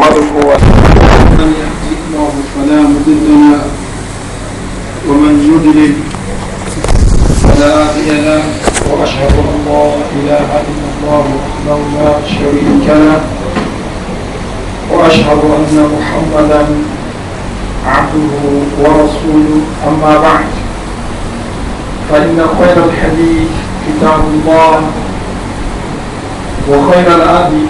نحمده ومن يهده الله فلا مضل له ومن يضلل فلا هادي له واشهد ان لا اله الا الله وحده لا شريك له واشهد ان محمدا عبده ورسوله اما بعد فان خير الحديث كتاب الله وخير الهدي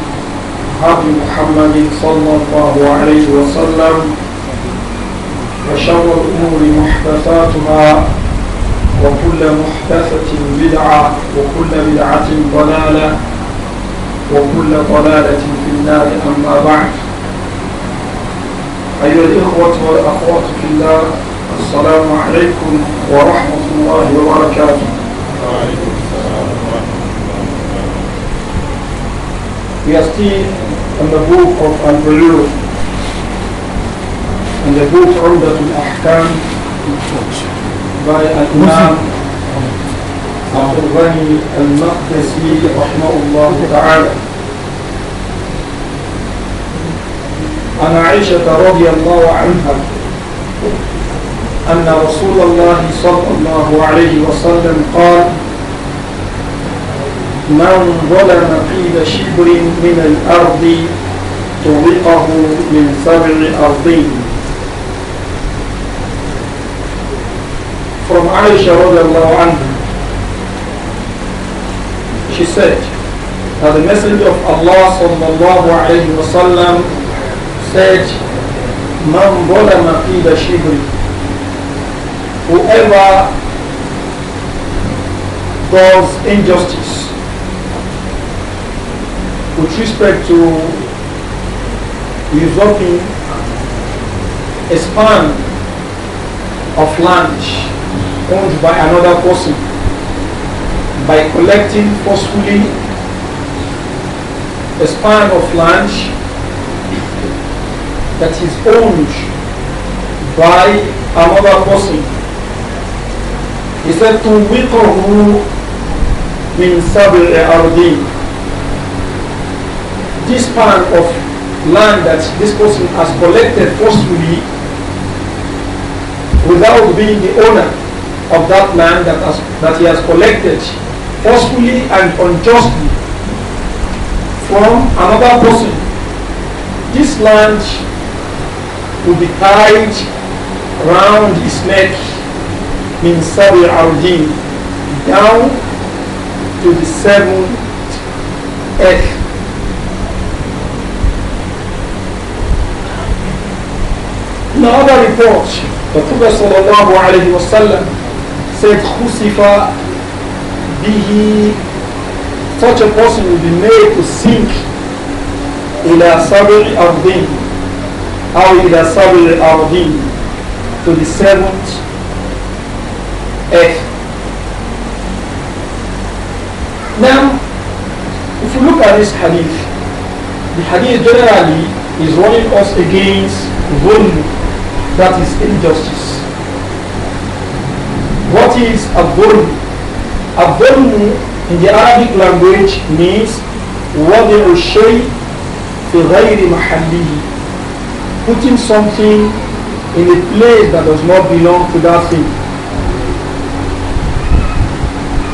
هدي محمد صلى الله عليه وسلم وشر الأمور محدثاتها وكل محدثة بدعة وكل بدعة ضلالة وكل ضلالة في النار أما بعد أيها الإخوة والأخوات في الله السلام عليكم ورحمة الله وبركاته وعليكم السلام ورحمة الله وبركاته We are still from the book of Al-Ulum and the book the al-Ahkam by Al-Imam Al-Ghani Al-Maqdisi Rahmahullah Ta'ala عن عائشة رضي الله عنها أن رسول الله صلى الله عليه وسلم قال من ظلم في شبر من الأرض طبقه من سبع أرضين From Aisha رضي الله عنها She said that the Messenger of Allah صلى الله عليه وسلم said من ظلم في شبر Whoever does injustice with respect to evoking a span of land owned by another person by collecting forcefully a span of land that is owned by another person. He said to وقه من and hardy? this part of land that this person has collected forcefully without being the owner of that land that, has, that he has collected forcefully and unjustly from another person. This land will be tied round his neck min sabi down to the seventh earth In other report, the Prophet sallallahu alayhi wa sallam said, Khusifa bihi, such a person will be made to sink ila sab'i ardin, or ila sab'i ardin, to the seventh earth. Now, if you look at this hadith, the hadith generally is warning us against dhulm, that is injustice. What is abdul? Abdul in the Arabic language means وضع الشيء في غير putting something in a place that does not belong to that thing.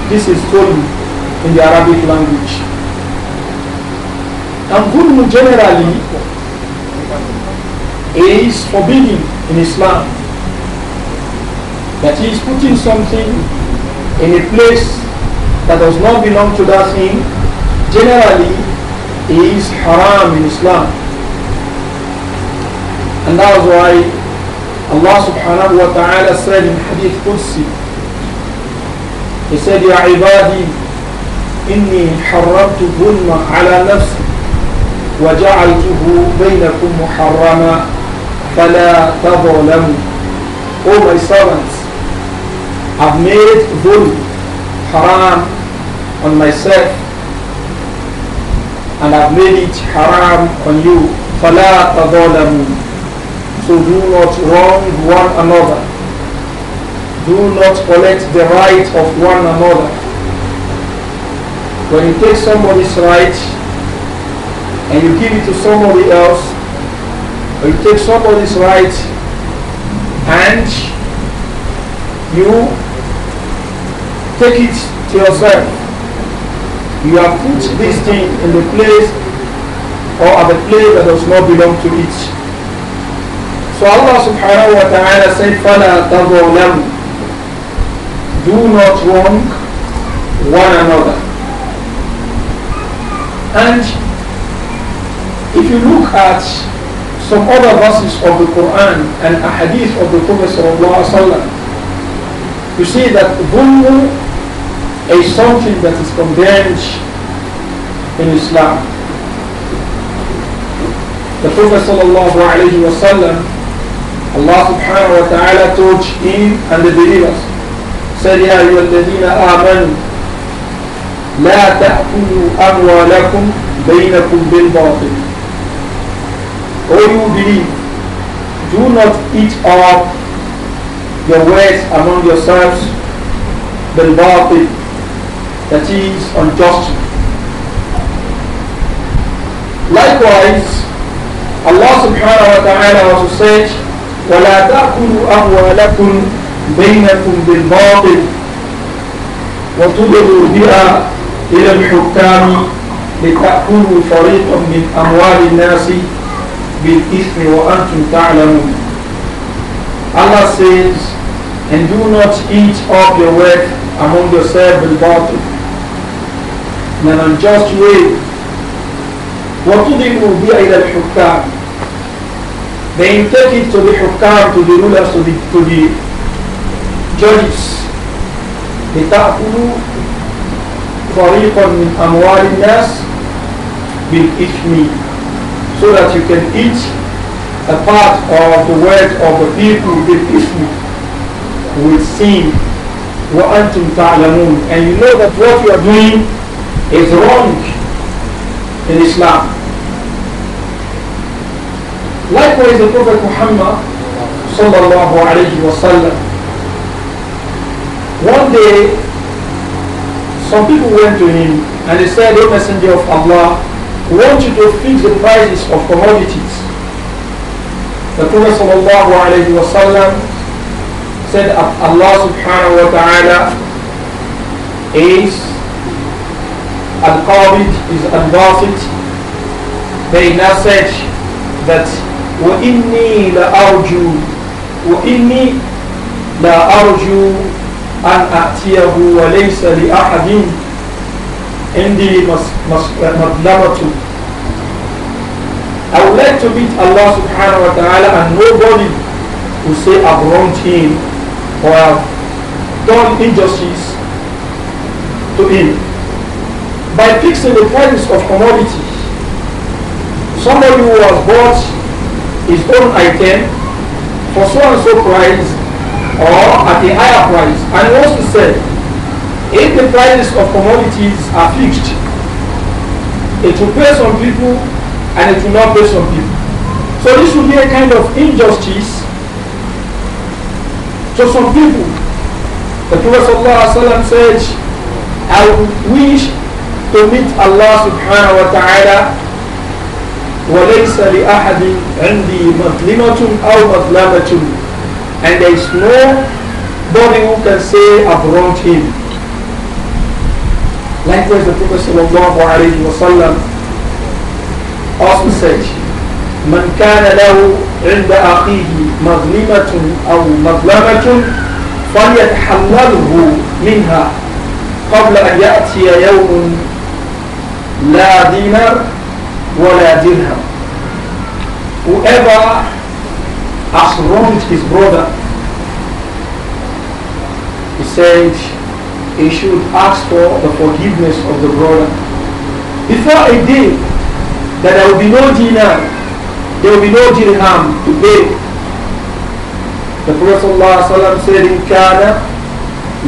This is stolen in the Arabic language. And gulmu generally is forbidden in Islam. he is putting something in a place that does not belong to that thing generally is haram in Islam. And that is why Allah subhanahu wa ta'ala said in Hadith Qudsi, He said, Ya ibadi, إني حرمتهن على wa وجعلته بينكم muharrama. فَلَا تَظَلَمُوا O my servants, I've made dhulm, haram on myself and I've made it haram on you. فَلَا تَظَلَمُوا So do not wrong one another. Do not collect the right of one another. When you take somebody's right and you give it to somebody else, or you take somebody's right and you take it to yourself. You have put this thing in the place or at the place that does not belong to it. So Allah subhanahu wa ta'ala said, فَلَا Do not wrong one another. And if you look at some other verses of the Quran and a hadith of the Prophet Wasallam. you see that dhulm is something that is condemned in Islam. The Prophet sallallahu Alaihi Wasallam, Allah subhanahu wa ta'ala told him and the believers, said, "Ya أَيُّهَا الَّذِينَ la لَا amwalakum أَمْوَالَكُمْ بَيْنَكُمْ O you believe, do not eat up your words among yourselves the batil that is unjust. Likewise, Allah subhanahu wa ta'ala also said, وَلَا تَأْكُلُوا أَمْوَالَكُمْ بَيْنَكُمْ بِالْبَاطِلِ وَتُبِرُوا بِهَا إِلَى الْحُكَّامِ لِتَأْكُلُوا فَرِيقًا مِنْ أَمْوَالِ النَّاسِ بِالْإِثْمِ Antum تَعْلَمُونَ Allah says, and do not eat up your wealth among yourselves in it. in an unjust way. وَتُضِمُوا بِهَا إِلَى الْحُكَّامِ Then take it to the hukam, to the rulers, to the, to the judges. لِتَأْكُلُوا فَرِيقًا مِنْ أَمْوَالِ النَّاسِ بِالْإِثْمِ so that you can eat a part of the word of the people with ism, with sin, وَأَنْتُمْ ta'lamun, And you know that what you are doing is wrong in Islam. Likewise, the Prophet Muhammad sallallahu alaihi wasallam. One day, some people went to him and they said, O Messenger of Allah, Want you to fix the prices of commodities. The Prophet wasallam said Allah subhanahu wa ta'ala is Al-Qabid, is Al-Basit. They now said that وَإِنِّي لَأَرْجُو وَإِنِّي لَأَرْجُو أَنْ أَأْتِيَهُ وَلَيْسَ لِأَحَدٍ عِنْدِي مَسْ madlamatu. Uh, I would like to meet Allah subhanahu wa ta'ala and nobody will say I've wronged him or I've done injustice to him. By fixing the price of commodity, somebody who has bought his own item for so and so price or at a higher price and wants to sell, if the prices of commodities are fixed, it will pay some people and it will not pay some people. So this will be a kind of injustice to some people. The Prophet said, I wish to meet Allah subhanahu wa ta'ala وليس لأحد عندي مظلمة أو مظلمة and there is no body who can say I've wronged him Likewise, the Prophet sallallahu alayhi wa sallam also said, من كان له عند أخيه مظلمة أو مظلمة فليتحمله منها قبل أن يأتي يوم لا دينار ولا درهم Whoever has wronged his brother, he said, he should ask for the forgiveness of the brother. Before a day that there will be no dinar, there will be no dirham to pay. The Prophet ﷺ said in Kana,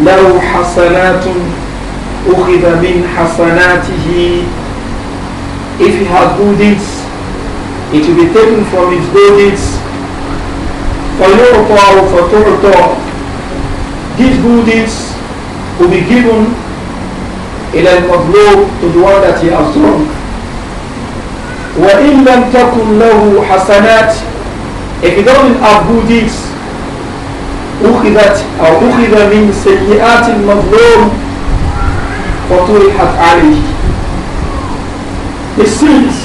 لو حسنات أخذ من حسناته If he has good deeds, it will be taken from his good deeds. فيعطى فتعطى These good deeds will be given إلى المظلوم to the one that he has wronged وإن لم تكن له حسنات if he doesn't have good deeds أخذت أو أخذ من سيئات المظلوم فطرحت عليه the sins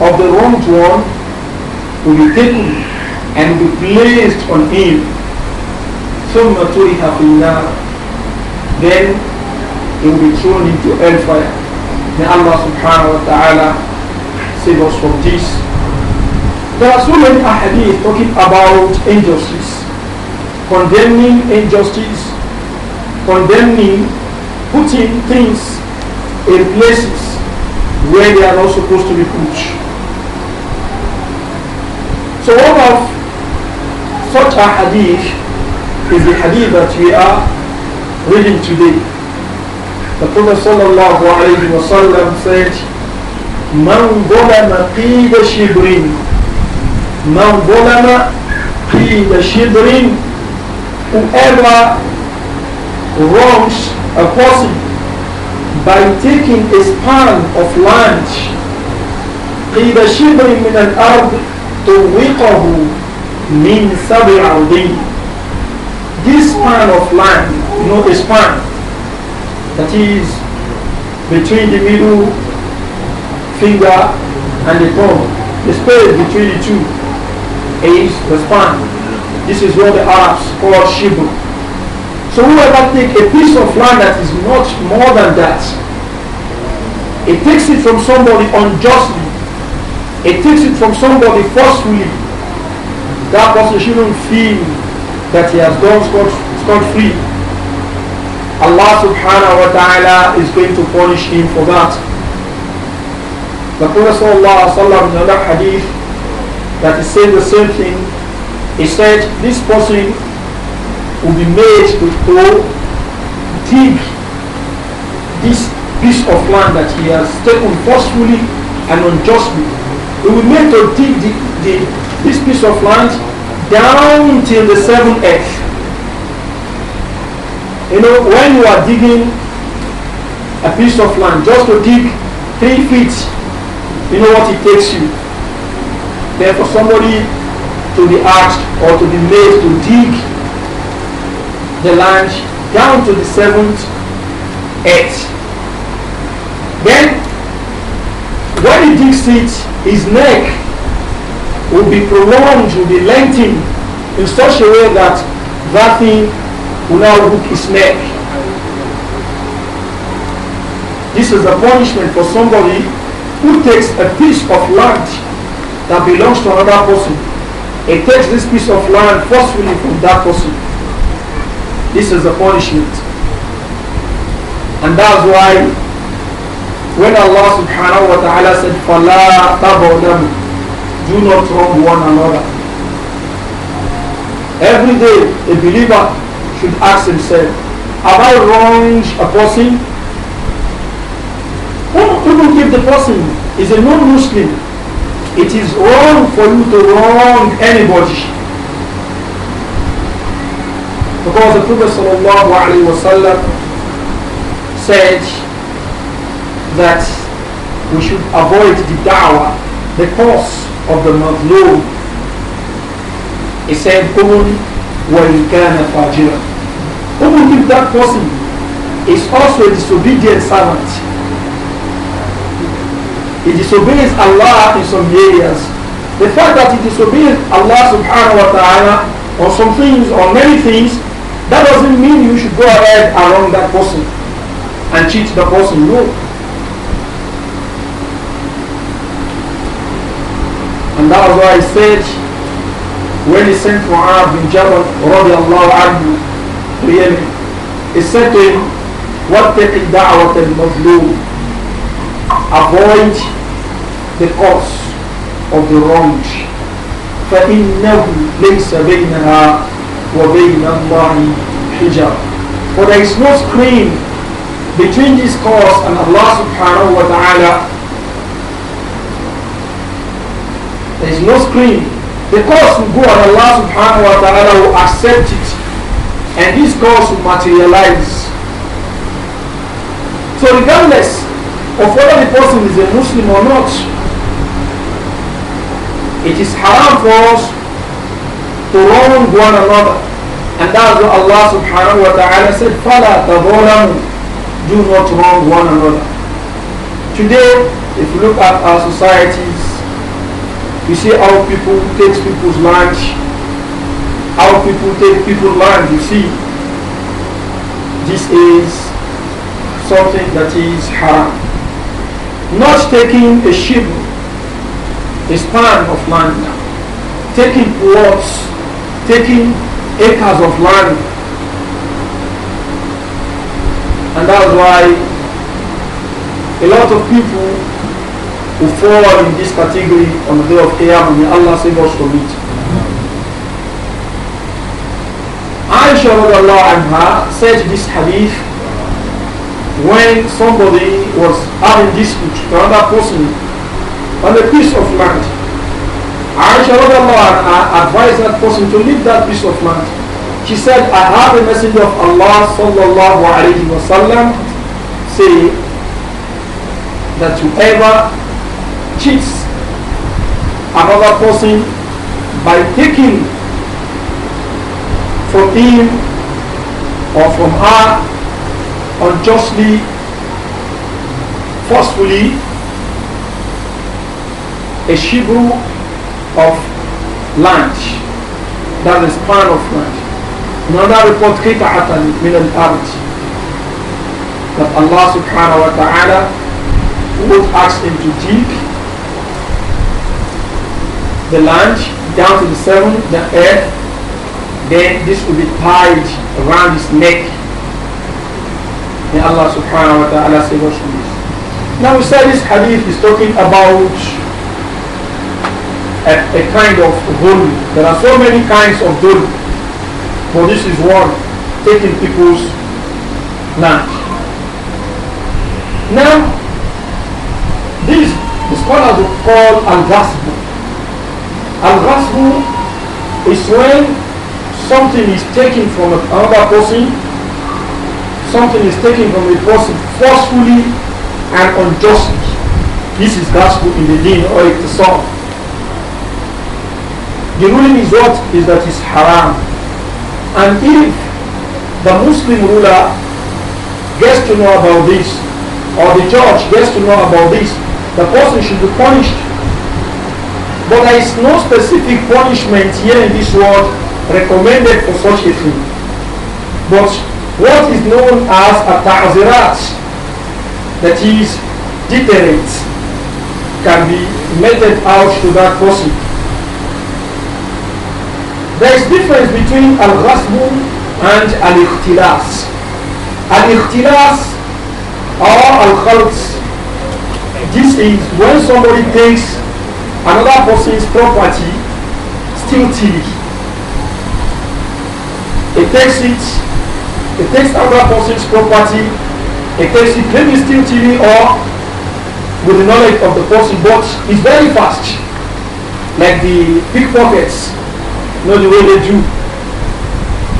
of the wronged one will be taken and be placed on him ثم طرح في النار then he will be thrown into hellfire. May Allah subhanahu wa ta'ala save us from this. There are so many ahadith talking about injustice, condemning injustice, condemning putting things in places where they are not supposed to be put. So one of such a hadith is the hadith that we are reading today. The Prophet sallallahu alayhi wa sallam said, من ظلم قيل شبر من ظلم قيل شبر whoever wrongs a person by taking a span of land قيل شبر من الأرض توقه من سبع عظيم this span of land you know, a span that is between the middle finger and the thumb. The space between the two is the span. This is what the Arabs call shibu. So whoever takes a piece of land that is much more than that, it takes it from somebody unjustly, it takes it from somebody forcefully, that person shouldn't feel that he has done scot-free. Allah subhanahu wa ta'ala is going to punish him for that. The Prophet sallallahu alaihi wasallam in another hadith he said the same thing, he said this person will be made to go dig this piece of land that he has taken forcefully and unjustly. He will be made to dig the, the, this piece of land down till the seventh earth. You know, when you are digging a piece of land, just to dig three feet, you know what it takes you. Then for somebody to be asked or to be made to dig the land down to the seventh edge. Then when he digs it, his neck will be prolonged, will be lengthened in such a way that that thing who now book his neck. This is a punishment for somebody who takes a piece of land that belongs to another person. He takes this piece of land forcefully from that person. This is a punishment. And that's why when Allah subhanahu wa ta'ala said, فَلَا تَبَوْدَمُ Do not wrong one another. Every day, a believer should ask himself, have I wronged a person? Who will give the person is a non-Muslim, it is wrong for you to wrong anybody. Because the Prophet wasallam said that we should avoid the da'wah, the cause of the madloom. He said, وَإِنْ كَانَ فَاجِرًا Even if that person is also a disobedient servant, he disobeys Allah in some areas. The fact that he disobeys Allah subhanahu wa ta'ala on some things, on many things, that doesn't mean you should go ahead and that person and cheat the person. No. And that was why I said, when he sent for bin Jabal radiallahu anhu to Yemen, he said to him, وَاتَّقِ دَعْوَةَ الْمَظْلُومِ Avoid the cause of the wrong. فَإِنَّهُ لَيْسَ بَيْنَهَا وَبَيْنَ اللَّهِ حِجَابٌ For there is no screen between this cause and Allah subhanahu wa ta'ala. There is no screen the cause will go and Allah subhanahu wa ta'ala will accept it. And this cause will materialize. So regardless of whether the person is a Muslim or not, it is haram for us to wrong one another. And that's what Allah subhanahu wa ta'ala said, "Fala تَظَلَمُوا Do not wrong one another. Today, if you look at our society, you see how people take people's land, how people take people's land, you see. This is something that is haram. Not taking a ship, a span of land, taking plots, taking acres of land. And that's why a lot of people who fall in this category on the day of Qiyamah. May Allah save us from it. Aisha anha said this hadith when somebody was having dispute to another person on a piece of land. Aisha anha advised that person to leave that piece of land. She said, I have a messenger of Allah sallallahu alayhi wa sallam say that whoever cheats another person by taking from him or from her unjustly, forcefully, a shibu of land, that is part of land. Another report, qita'atan min al-ard, that Allah subhanahu wa ta'ala would ask him to take the land down to the seven, the earth, then this will be tied around his neck. And Allah subhanahu wa ta'ala says us this. Now we say this hadith is talking about a, a kind of hood. There are so many kinds of hood. But this is one, taking people's land. Now, this the scholars call al-ghasb and ghasbu is when something is taken from another person, something is taken from a person forcefully and unjustly. This is Ghasbu in the deen or Iqtisam. The ruling is what? Is that it's haram. And if the Muslim ruler gets to know about this, or the judge gets to know about this, the person should be punished but there is no specific punishment here in this world recommended for such a thing. But what is known as a ta'zirat, that is, deterrence, can be meted out to that person. There is difference between al-ghasbu and al-ikhtilas. Al-ikhtilas or al This is when somebody takes another person's property stealthily. He takes it, he takes another person's property, he takes it maybe stealthily or with the knowledge of the person, but it's very fast. Like the pickpockets, you know the way they do.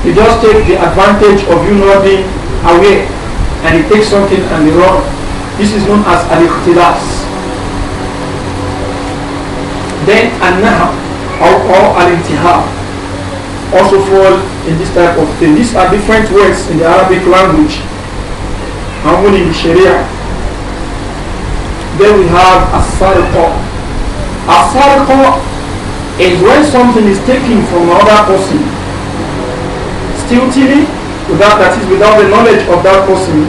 They just take the advantage of you not being aware and they take something and they run. This is known as al-ikhtilas. Then anahab or, or al-intihab also fall in this type of thing. These are different words in the Arabic language. Hamun in Sharia. Then we have asariqa. Asariqa is when something is taken from another person. Stealthily, without that is without the knowledge of that person,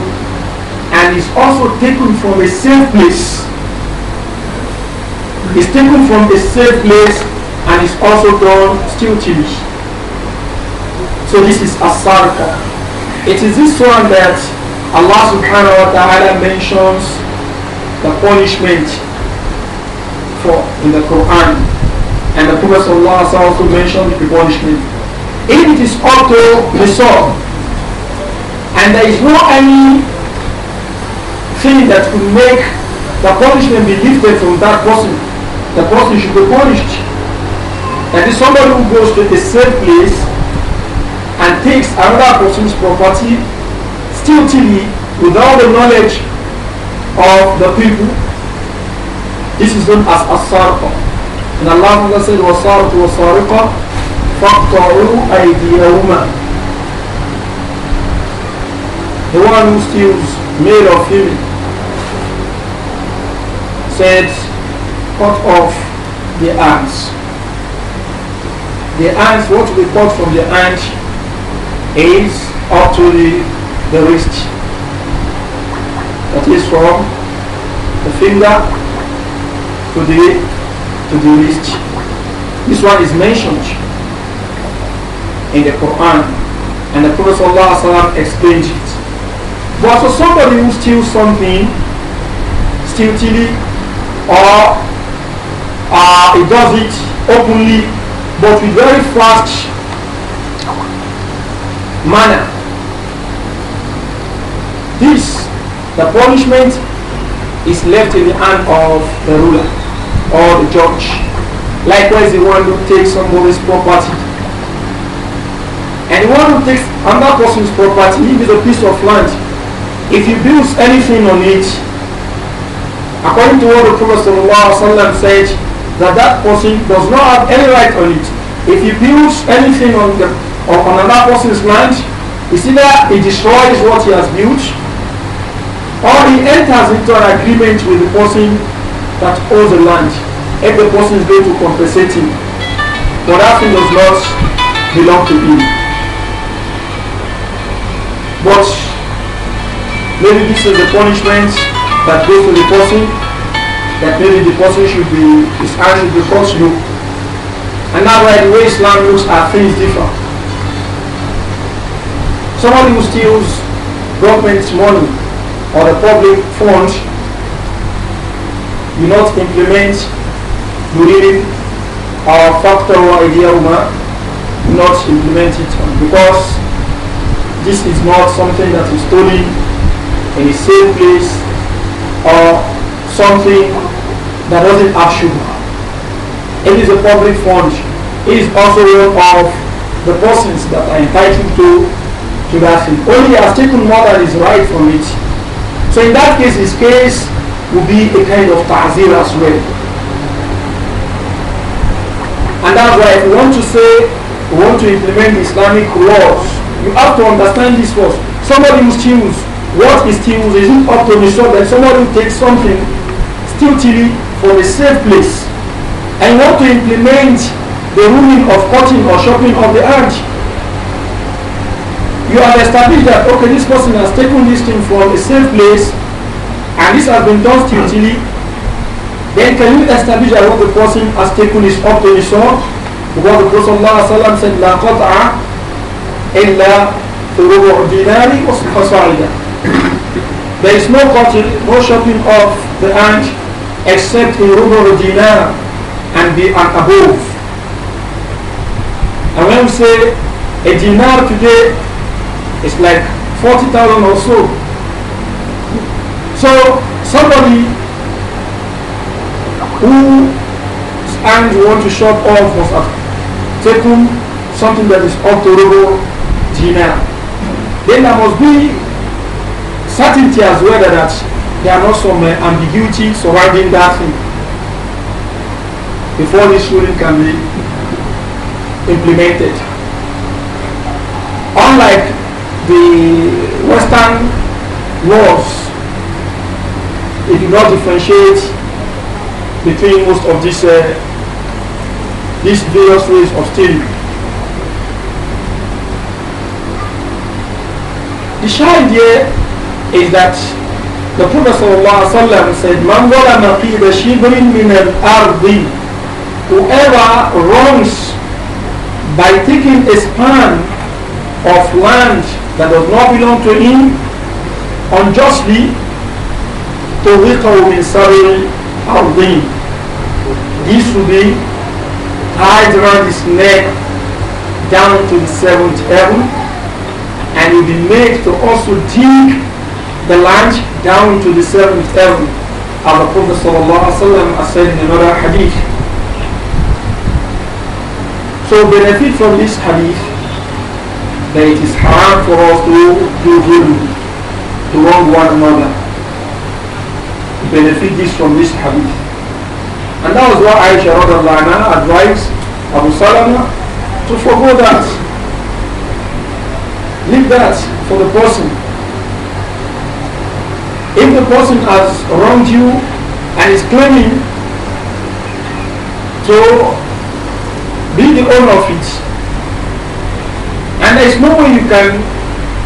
and is also taken from a safe place is taken from a safe place and is also done stealthily. So this is asarqa. It is this one that Allah subhanahu wa ta'ala mentions the punishment for in the Quran. And the Prophet Allah also mentioned the punishment. If it is auto to the soul, and there is no any thing that could make the punishment be lifted from that person the person should be punished. That is somebody who goes to a safe place and takes another person's property stealthily without the knowledge of the people. This is known as asarqa. And Allah said, وَصَارَتُ وَصَارِقَ فَاقْطَعُوا أَيْدِيَهُمَا the one who steals made of human, said cut off the hands. The hands, what we cut from the hand is up to the, the wrist. That is from the finger to the to the wrist. This one is mentioned in the Quran and the Prophet ﷺ explained it. But for somebody who steals something, steal or uh, he does it openly but with very fast manner. This, the punishment is left in the hand of the ruler or the judge. Likewise, the one who takes somebody's property. And the one who takes another person's property, if it's a piece of land, if he builds anything on it, according to what the Prophet said, that that person does not have any right on it. If he builds anything on, the, on, another person's land, it's either he destroys what he has built or he enters into an agreement with the person that owns the land if the person is going to compensate him. for that thing does not belong to him. But maybe this is the punishment that goes to the person that maybe the person should be is angry because you. And that's why the way Islam looks at things differ. Someone who steals government's money or the public fund do not implement Nurim our factor or idea umma, do not implement it because this is not something that is stolen in a safe place or something that doesn't have sugar. It is a public fund. It is also one of the persons that are entitled to, to that thing. Only has taken more than is right from it. So in that case, his case will be a kind of ta'zir as well. And that's why if you want to say, we want to implement Islamic laws, you have to understand this first. Somebody who steals, what is steals isn't up to the that somebody takes something, still TV from a safe place and want to implement the ruling of cutting or chopping of the hand, you have established that, okay, this person has taken this thing from a safe place and this has been done stealthily, then can you establish that what the person has taken is up to the sword? Because the Prophet ﷺ said, لا قطع إلا ربع دينار وصاعدا. There is no cutting, no chopping of the hand except in Rubber Dinar and be above. And when we say a dinar today is like 40,000 or so. So somebody who and want to shop off must have taken something that is up to Rubber Dinar. Then there must be certainty as well that there are not some uh, ambiguity surrounding that thing before this ruling can be implemented. Unlike the Western laws, it do not differentiate between most of these uh, these various ways of stealing. The idea is that the Prophet وسلم said, Man zalama shibrin min al-ardi. Whoever wrongs by taking a span of land that does not belong to him unjustly, to tuhiqahu min saril ardi. This will be tied around his neck down to the seventh heaven and he will be made to also dig the land down to the seventh heaven. As the Prophet said in another hadith. So benefit from this hadith that it is hard for us to do to wrong one another. Benefit this from this hadith. And that was why Aisha anha advised Abu Salama to forego that. Leave that for the person if the person has wronged you and is claiming to be the owner of it, and there is no way you can,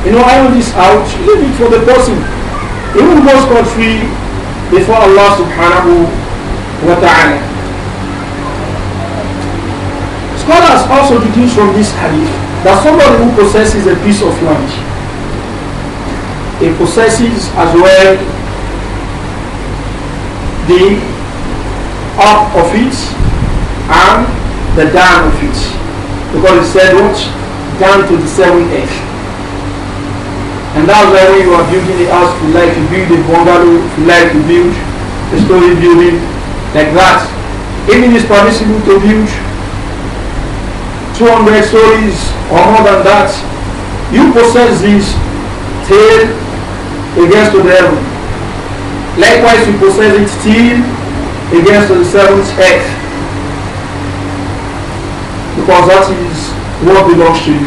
you know, iron this out, leave it for the person. even will go scot-free before Allah subhanahu wa ta'ala. Scholars also deduce from this hadith that somebody who possesses a piece of land it possesses as well the up of it and the down of it. Because it's said what? Down to the seventh edge. And that's why you are building the house, you like to build a bungalow, you like to build a story building like that. Even it's permissible to build 200 stories or more than that. You possess this till Against the devil. Likewise, we possess it still against the seventh head, Because that is what belongs to you.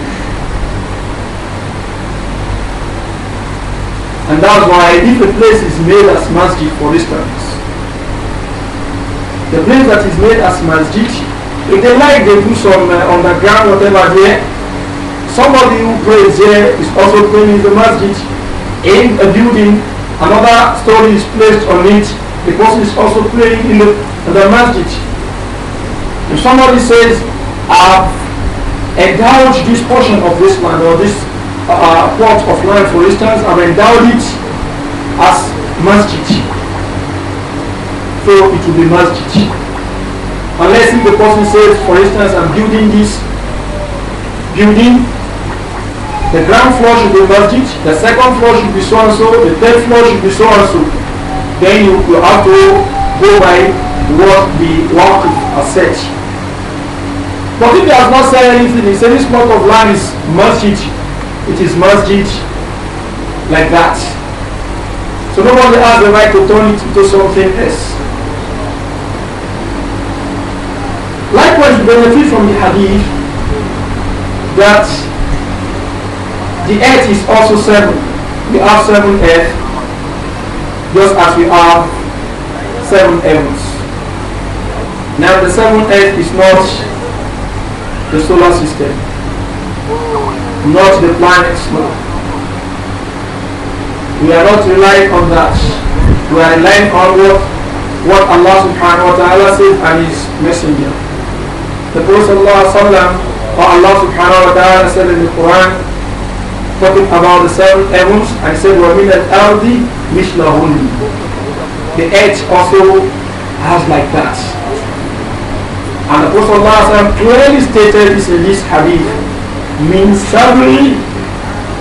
And that's why if a place is made as masjid, for instance, the place that is made as masjid, if they like, they do some uh, underground whatever there. Somebody who prays there is also praying in the masjid in a building, another story is placed on it because it's also playing in the, in the masjid. If somebody says, I've endowed this portion of this land or this uh, uh, plot of land, for instance, I've endowed it as masjid. So it will be masjid. Unless if the person says, for instance, I'm building this building the ground floor should be masjid, the second floor should be so and so, the third floor should be so and so. Then you, you have to go by what the work has said. But if he has not said anything, he said this plot of land is masjid, it is masjid like that. So nobody has the right to turn it into something else. Likewise, benefit from the hadith that the earth is also seven. We have seven earth, just as we have seven heavens. Now the seven earth is not the solar system, not the planets, no. We are not relying on that. We are relying on what, what Allah subhanahu wa ta'ala said and his messenger. The Prophet Allah, or Allah subhanahu wa ta'ala said in the Quran, talking about the seven heavens, I said, وَمِنَ الْأَرْضِ مِثْلَهُنَّ The earth also has like that. And the Prophet clearly stated this in this hadith, means seven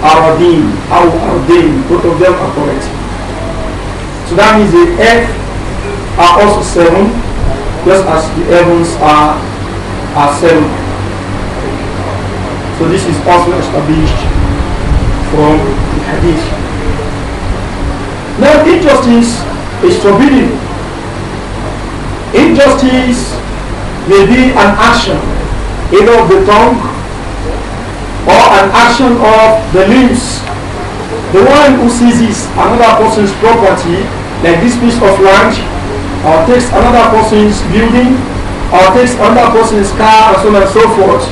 Aradim, Aw Ardim, both of them are correct. So that means the earth are also seven, just as the heavens are, are seven. So this is also established from the hadith. Now injustice is forbidden. Injustice may be an action either of the tongue or an action of the limbs. The one who seizes another person's property, like this piece of land, or takes another person's building, or takes another person's car, and so on and so forth,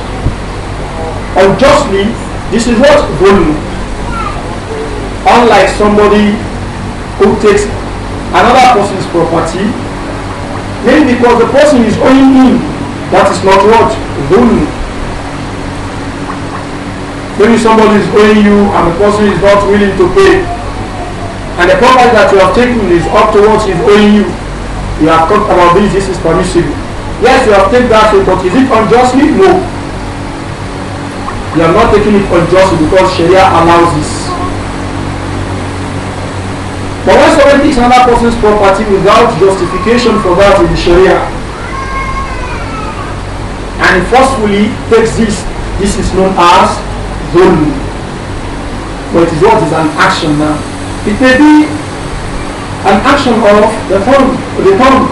unjustly, this is what? Volume. Unlike somebody who takes another person's property, maybe because the person is owing him, that is not what? Zulm. Maybe somebody is owing you and the person is not willing to pay. And the property that you have taken is up to is owing you. You have talked about this, this is permissible. Yes, you have taken that, but is it unjustly? No. You are not taking it unjustly because Sharia allows this. But when somebody takes another person's property without justification for that in the Sharia, and forcefully takes this, this is known as zulm. But it is what is an action now. It may be an action of the tongue, the tongue.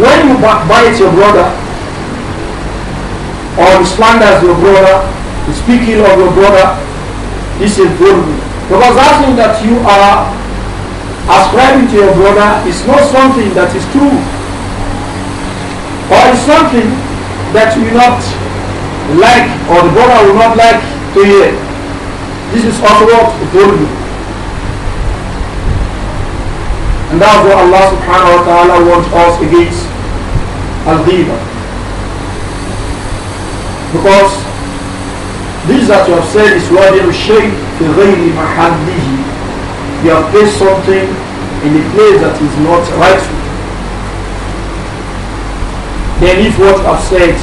When you bite your brother, or you slander your brother, you speak ill of your brother, this is vulgar. Because asking that you are ascribing to your brother is not something that is true. Or it's something that you not like or the brother will not like to hear. This is also what Dhulm. And that's what Allah subhanahu wa ta'ala wants us against al diba Because this that you have said is what you shame في غير محله you have placed something in a place that is not rightful then if what I've said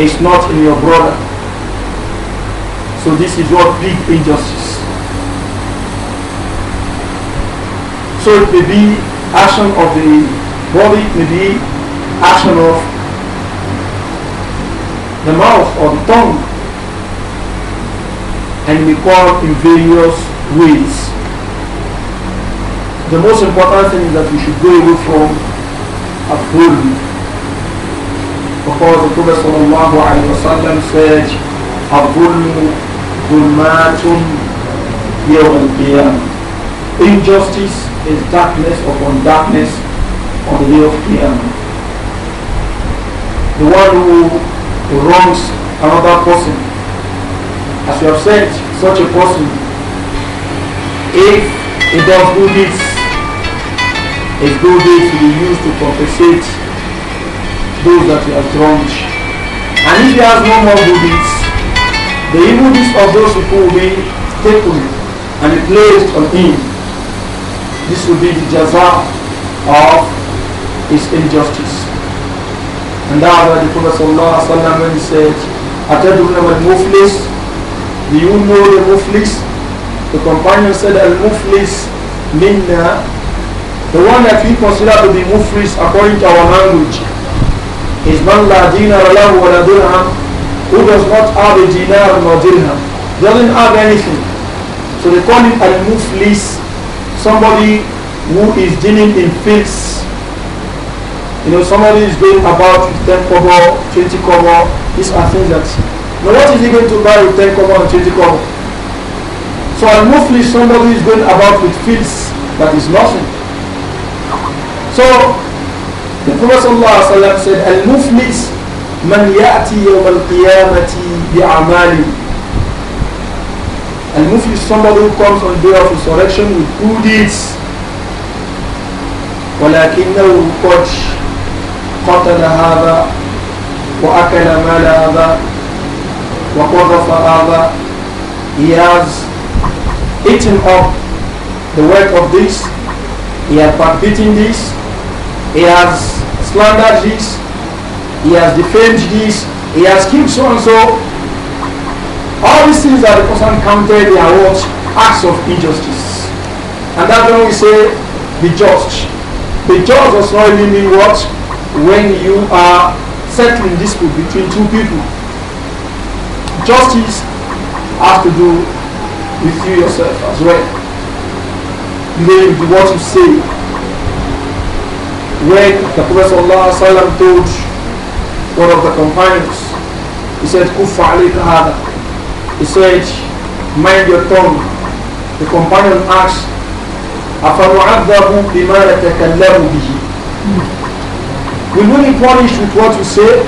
is not in your brother so this is what big injustice so it may be action of the body it may be action of the mouth or the tongue and we called in various ways. The most important thing is that we should go away from abhorring. Because the Prophet sallallahu alayhi wa sallam said, Abhulmu dhulmatun yawm Injustice is darkness upon darkness on the day of Qiyamah. The one who wrongs another person as you have said, such a person, if he does good deeds, his good deeds will be used to compensate those that he has wronged. And if he has no more good deeds, the evil deeds of those people will be taken and replaced on him. This will be the jaza of his injustice. And that's why the Prophet ﷺ when he said, أتدرون ما المفلس do you know the muflis? The companion said, Al-muflis minna. The one that we consider to be muflis according to our language is man la dinar lahu wa la dirham who does not have a dinar nor dirham. Doesn't have anything. So they call it al-muflis. Somebody who is dealing in fields. You know, somebody is going about with 10 kobo, 20 kobo. These are things that now what is he going to buy with 10 kobo and 20 kobo? So a muflis somebody is going about with fields that is nothing. So the Prophet said, al-muflis man ya'ti yawm al-qiyamati bi'amali. Al-muflis, somebody who comes on the day of resurrection with good deeds. ولكنه قد قتل هذا وأكل مال هذا وَقَضَ فَآذَا He has eaten up the work of this, he has backbiting this, he has slandered this, he has defamed this, he has killed so and so. All these things that the person counted, they are what? Acts of injustice. And that's when we say, the judge. The judge does not really mean what? When you are settling dispute between two people justice has to do with you yourself as well. Believe what you say. When the Prophet ﷺ told one of the companions, he said, Kufa hada. He said, mind your tongue. The companion asked, أَفَنُعَذَّبُ بِمَا Will we be punished with what you say?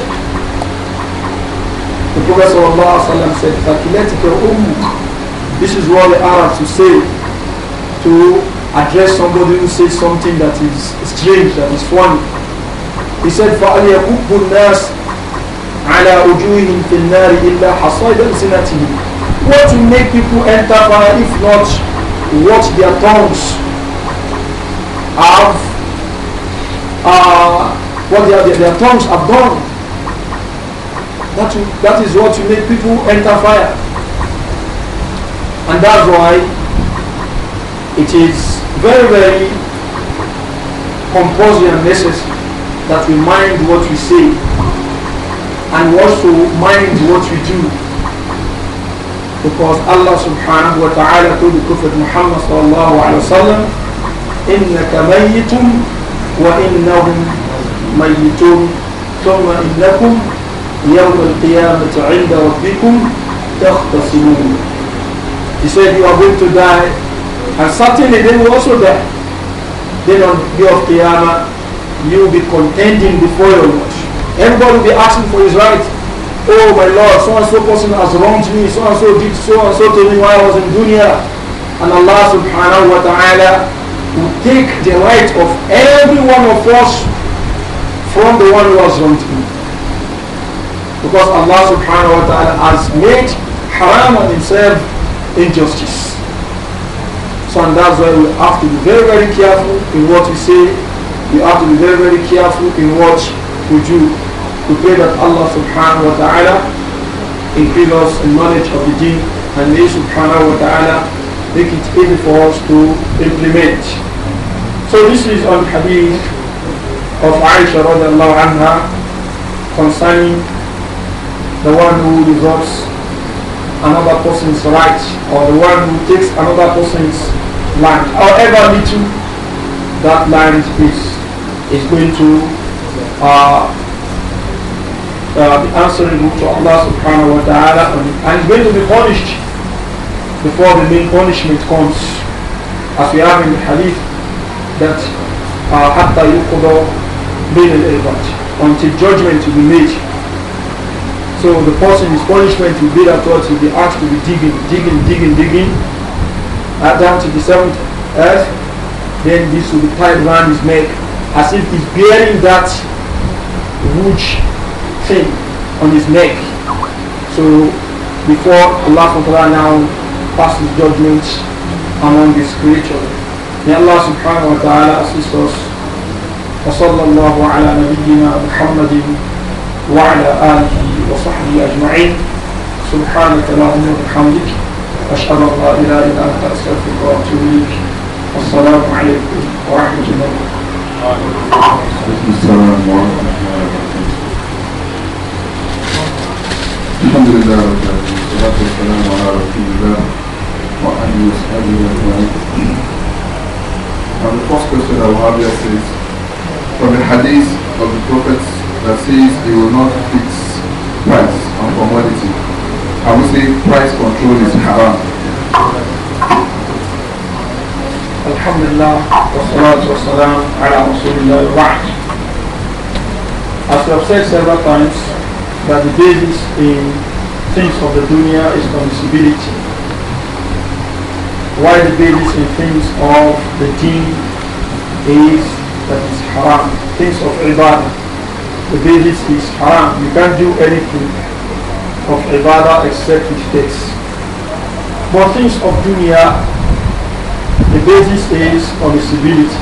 The Prophet ﷺ said, Fakilatika ummuk. This is what the Arabs to say to address somebody who says something that is strange, that is funny. He said, فَأَلْيَكُبُّ النَّاسِ عَلَىٰ أُجُوهِهِمْ فِي النَّارِ إِلَّا حَصَيْدَ أَلْسِنَتِهِمْ What will make people enter fire if not what their tongues have, uh, what their, their, their tongues have done? That, that is what you make people enter fire. And that's why it is very, very compulsory and necessary that we mind what we say and also mind what we do. Because Allah subhanahu wa ta'ala told the Prophet Muhammad sallallahu alayhi wa sallam, إِنَّكَ مَيِّتٌ وَإِنَّهُمْ مَيِّتُونَ ثُمَّ إِنَّكُمْ يوم القيامة عند ربكم تختصمون He said you are going to die and certainly they will also die. Then on the day of Qiyamah you will be contending before your Lord. Everybody will be asking for his right. Oh my Lord, so and so person has wronged me, so and so did so and so to me while I was in dunya. And Allah subhanahu wa ta'ala will take the right of every one of us from the one who has wronged me. Because Allah subhanahu wa ta'ala has made haram on himself injustice. So and that's why we have to be very, very careful in what we say. We have to be very, very careful in what we do. We pray that Allah subhanahu wa ta'ala increase us in knowledge of the deen and may subhanahu wa ta'ala make it easy for us to implement. So this is on hadith of Aisha radiallahu anha concerning the one who usurps another person's right or the one who takes another person's land, however little that land is, is going to uh, uh, be answerable to Allah subhanahu wa ta'ala and, and is going to be punished before the main punishment comes. As we have in the hadith that uh, حتى يقضى بين العباد until judgment will be made so the person, his punishment will be that what will be asked to be digging, digging, digging, digging, uh, down to the seventh earth. Then this will be tied around his neck as if he's bearing that wood thing on his neck. So before Allah SWT now passes judgment among the spiritual, May Allah subhanahu wa ta'ala assist us. وصلى الله على نبينا محمد وعلى آله وصحبه أجمعين سبحانك اللهم وبحمدك أشهد أن لا إله إلا أنت أستغفرك وأتوب إليك والسلام عليكم ورحمة الله وبركاته. السلام ورحمة الله وبركاته. الحمد لله رب العالمين والصلاة والسلام على رسول الله وعلى وصحبه أجمعين. And the first question I will have here says, from the hadith of the prophets that says they will not fix price on commodity. I must say price control is haram. Alhamdulillah, لله والصلاة والسلام على As we have said several times, that the basis in things of the dunya is permissibility. Why the basis in things of the deen is it's haram, things of ibadah the basis is haram. You can't do anything of ibadah except with this. But things of dunya, the basis is on the civility.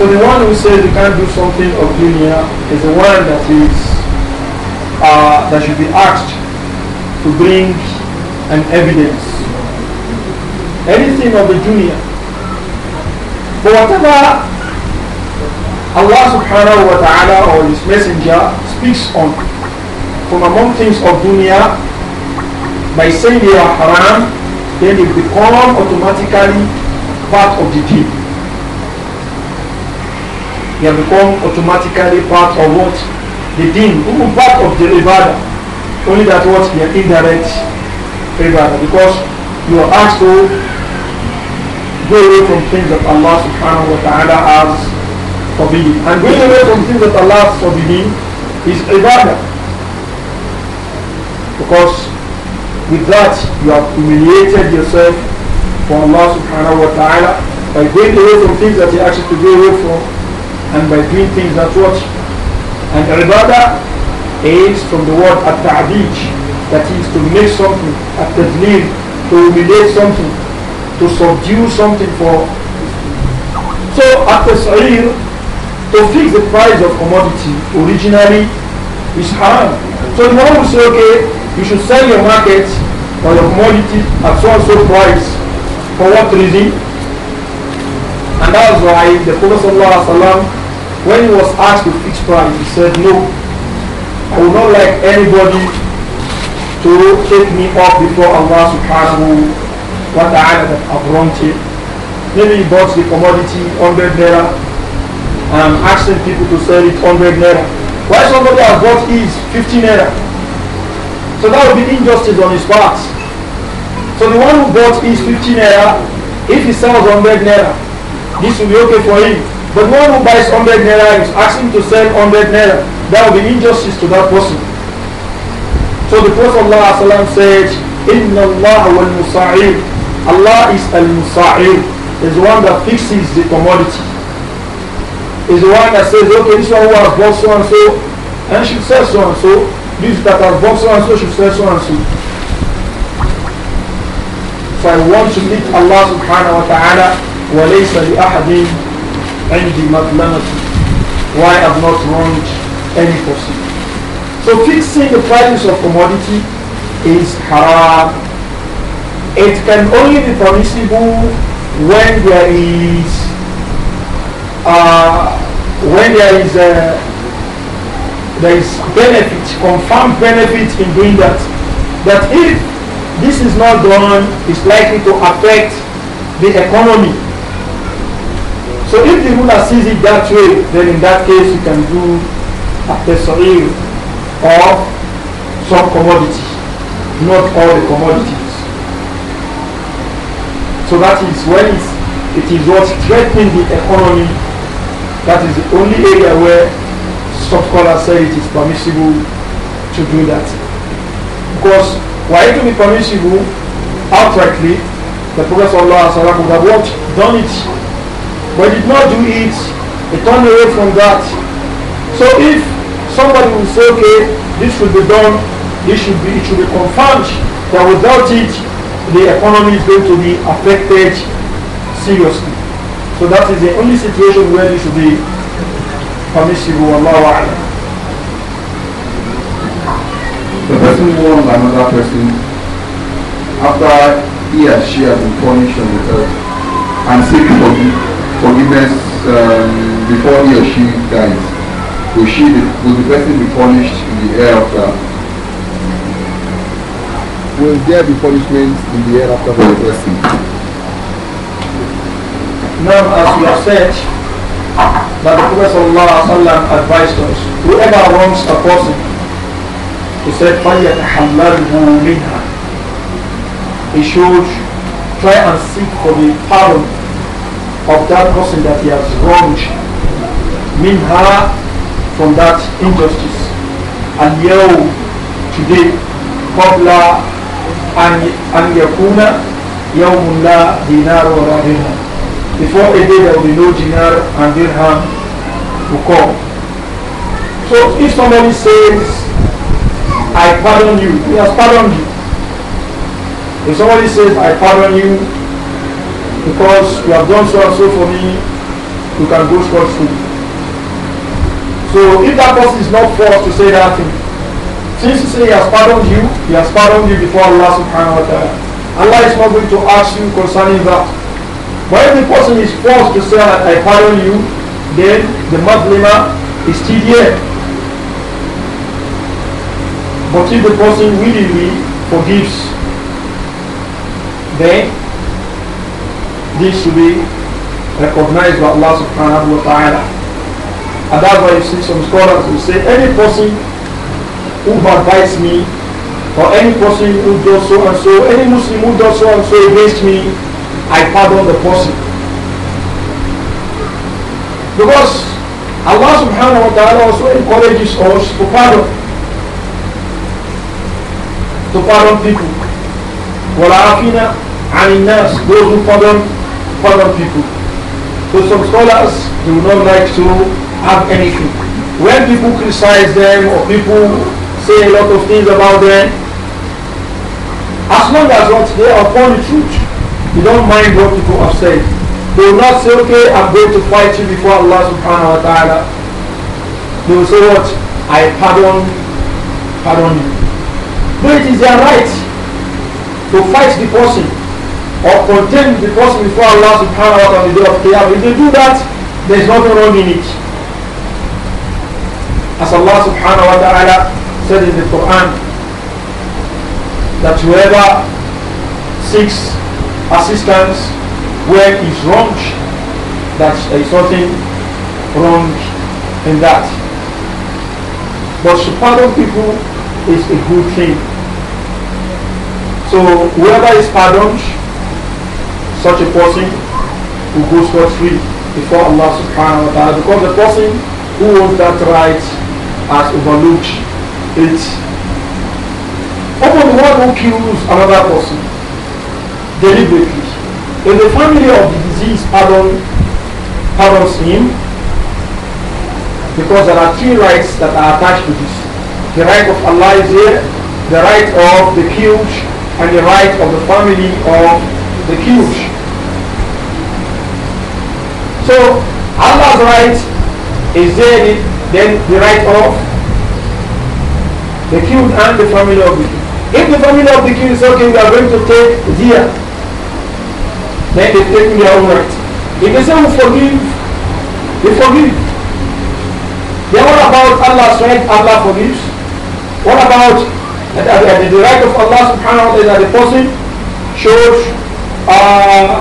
So the one who says you can't do something of dunya is the one that is uh, that should be asked to bring an evidence. Anything of the dunya. But whatever Allah subhanahu wa ta'ala or his messenger speaks on from among things of dunya by saying they are haram then they become automatically part of the deed. They have become automatically part of what? The deen, part of the ibadah. Only that what? They are indirect ibadah. Because you are asked to go away from things that Allah subhanahu wa ta'ala has forbidding. And going away from things that Allah has forbidden is ibadah. Because with that you have humiliated yourself for Allah subhanahu wa ta'ala by going away from things that He asked you to go away from and by doing things that what? And ibadah is from the word at-ta'bij that is to make something, at-tadlil, to humiliate something, to subdue something for. So at-tas'ir to fix the price of commodity originally is haram. So the one say, okay, you should sell your market or your commodity at so and so price. For what reason? And that's why the Prophet ﷺ, when he was asked to fix price, he said, no, I would not like anybody to take me off before Allah subhanahu wa ta'ala that I've wronged him. Maybe he bought the commodity 100 naira, and I'm asking people to sell it 100 naira. Why somebody has bought his 15 naira? So that would be injustice on his part. So the one who bought his 15 naira, if he sells 100 naira, this will be okay for him. But the one who buys 100 naira is asking to sell 100 naira. That will be injustice to that person. So the Prophet ﷺ said, Inna Allah wal musa'ir. Allah is al-musa'ir, is the one that fixes the commodity is the one that says, okay, this one who has bought so and so, and she says so and so. This that has bought so and so she says so and so. So I want to meet Allah subhanahu wa ta'ala, وَلَيْسَ لِأَحَدٍ عِنْدِ مَظْلَمَةٍ Why I've not wronged any person. So fixing the prices of commodity is haram. It can only be permissible when there is uh, when there is a, there is benefit, confirmed benefit in doing that. That if this is not done, it's likely to affect the economy. So if the ruler sees it that way, then in that case you can do a tesoreer or some commodity, not all the commodities. So that is when it is what threatening the economy that is the only area where some scholars say it is permissible to do that. Because why it will be permissible outrightly, the Prophet would have Done it. But did not do it. He turned away from that. So if somebody will say, okay, this should be done, this should be, it should be confirmed that without it, the economy is going to be affected seriously. So that is the only situation where this should be permissible, Allahu A'lam. The person who wronged another person, after he or she has been punished on the earth, and seek forgiveness um, before he or she dies, will, she be, will the person be punished in the hereafter? Will there be punishment in the hereafter for the person? known as your search that the Prophet ﷺ advised us. Whoever wrongs a person, he said, فَلْيَتَحَلَّلْهُ مِنْهَا He should try and seek for the pardon of that person that he has wronged. Minha from that injustice. And you today, قبل أن يكون يوم لا دينار ولا before a day there will be no dinar and dirham to come. So if somebody says, I pardon you, he has pardoned you. If somebody says, I pardon you because you have done so and so for me, you can go scot-free. So if that person is not forced to say that thing, since he says he has pardoned you, he has pardoned you before Allah subhanahu wa ta'ala. Allah is not going to ask you concerning that. But if the person is forced to say, I, I pardon you, then the Muslimah is still here. But if the person willingly forgives, then this should be recognized by Allah subhanahu wa ta'ala. And that's why you see some scholars who say any person who advises me or any person who does so and so, any Muslim who does so and so against me, I pardon the person. Because Allah subhanahu wa ta'ala also encourages us to pardon. To pardon people. وَالْعَافِينَ عَنِ النَّاسِ Those who pardon, pardon people. So some scholars do not like to have anything. When people criticize them or people say a lot of things about them, as long as what they are upon the truth, you don't mind what people have said. They will not say, okay, I'm going to fight you before Allah subhanahu wa ta'ala. They will say what? I pardon, pardon you. But it is their right to fight the person or contend the person before Allah subhanahu wa ta'ala on the day of Qiyamah. If they do that, there is nothing wrong in it. As Allah subhanahu wa ta'ala said in the Quran, that whoever seeks assistance where is wrong. That there is nothing wrong in that. But to pardon people is a good thing. So whoever is pardoned, such a person who goes scot free before Allah subhanahu wa ta'ala because the person who owns that right has overlooked it. Open one who kills another person deliberately. in the family of the deceased pardon, pardon him, because there are three rights that are attached to this. The right of Allah is here, the right of the killed, and the right of the family of the killed. So Allah's right is there, then the right of the killed and the family of the killed. If the family of the killed is okay, we are going to take ziyah. Then they take their own right. If they say we forgive, we forgive. Then what about Allah's right? Allah forgives. What about the, uh, the, right of Allah subhanahu wa ta'ala that the person shows uh,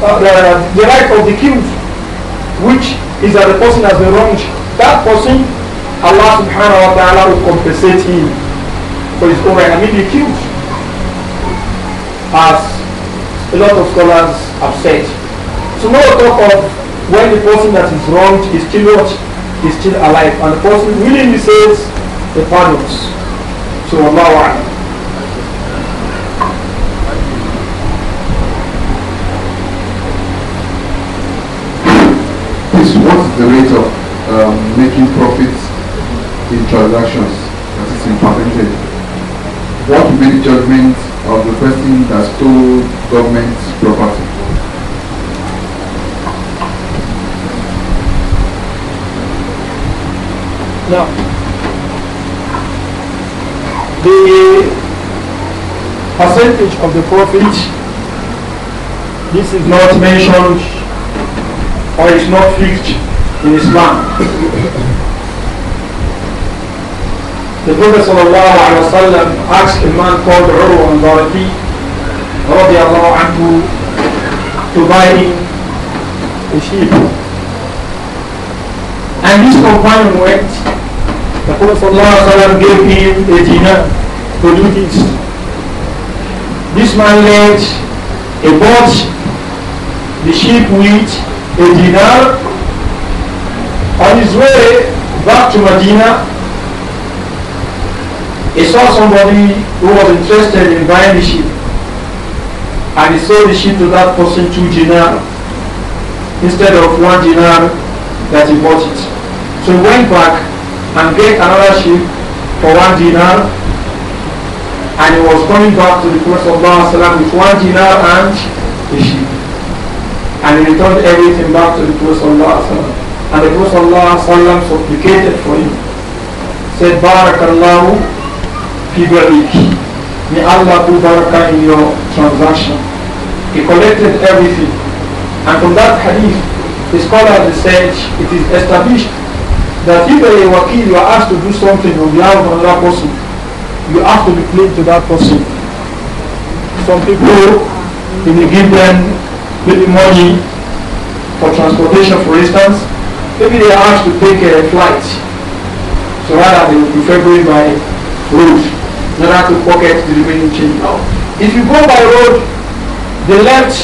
uh, the, the right of the king, which is that the person has been wronged. That person, Allah subhanahu wa ta'ala will compensate him for his own right. I mean the king has a lot of scholars have said. So no talk of when the person that is wronged is still not, is still alive, and the person willingly says the pardons. So Allah Alam. Is what's the rate of um, making profits in transactions that is important. What will be the judgment of the person that stole governments property. Now, the percentage of the profit, this is not mentioned or is not fixed in Islam. The Prophet وسلم, asked a man called Urwa al-Zarqi anhu to buy him a sheep. And this companion went. The Prophet وسلم, gave him a dinar to do this. This man led a bought the sheep with a dinar on his way back to Medina he saw somebody who was interested in buying the sheep and he sold the sheep to that person two dinar instead of one dinar that he bought it. So he went back and get another sheep for one dinar and he was coming back to the Prophet with one dinar and the sheep. And he returned everything back to the Prophet and the Prophet supplicated for him. Said, Barakallahu periodic. May Allah do barakah in your transaction. He collected everything. And from that hadith, the scholars said it is established that if a wakil you are asked to do something on behalf of another person, you have to be clean to that person. Some people, you may give them maybe money for transportation, for instance. Maybe they are asked to take a flight. So rather they will be favored by road in order to pocket the remaining change. Now, if you go by road, the left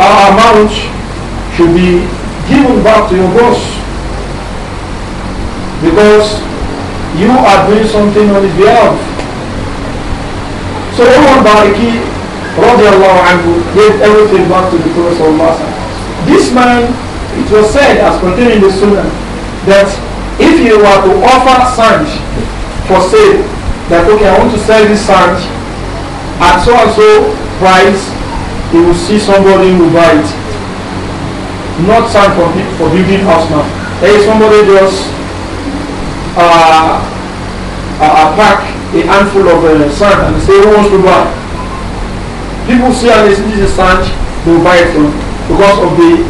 uh, amount should be given back to your boss because you are doing something on his behalf. So Umar Bariki radiallahu anhu gave everything back to the Prophet Sallallahu This man, it was said as contained in the Sunnah that if you were to offer sand for sale, that okay, I want to sell this sand at so and so price, you will see somebody who buy it. Not sand for, for building house now. Hey, somebody just uh, uh, uh, pack a handful of uh, sand and say who wants to buy. People see and they see this sand, they will buy it from because of the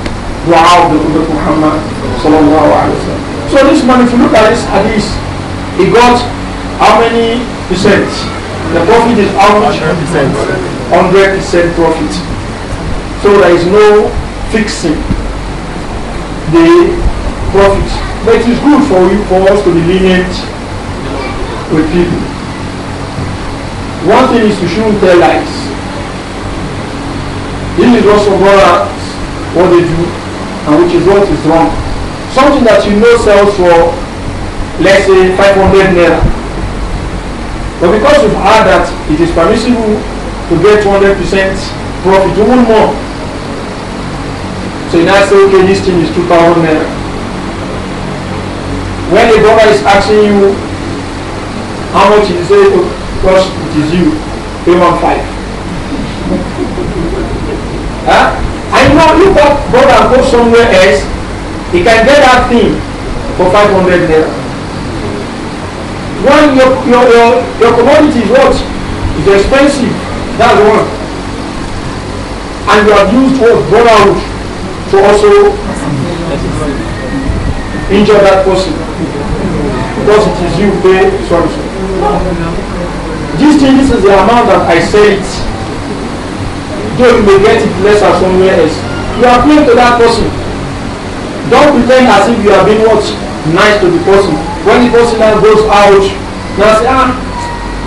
dua of the Prophet Muhammad sallallahu alaihi wasallam. So this man, if you look at this hadith, he got how many percent? The profit is how much? 100 percent. 100 percent profit. So there is no fixing the profit. But it is good for you for us to be lenient with people. One thing is we shouldn't tell lies. This is also what they do and which is what is wrong. Something that you know sells for let's say 500 naira but because we have heard that it is permissible to get 100% profit, you want more. So you now say, okay, this thing is 2,000 naira. When the government is asking you how much, you say, because it is you, pay one five. huh? I know you go, bought and go somewhere else, you can get that thing for 500 naira. When your, your, your, your commodity is what? is expensive. That's one. And you have used what? Brotherhood to also injure that person. Because it is you pay sorry. This thing, this is the amount that I said. Though you may get it lesser somewhere else. You are paying to that person. Don't pretend as if you are being watched nice to the person. When the person now goes out, now say, ah,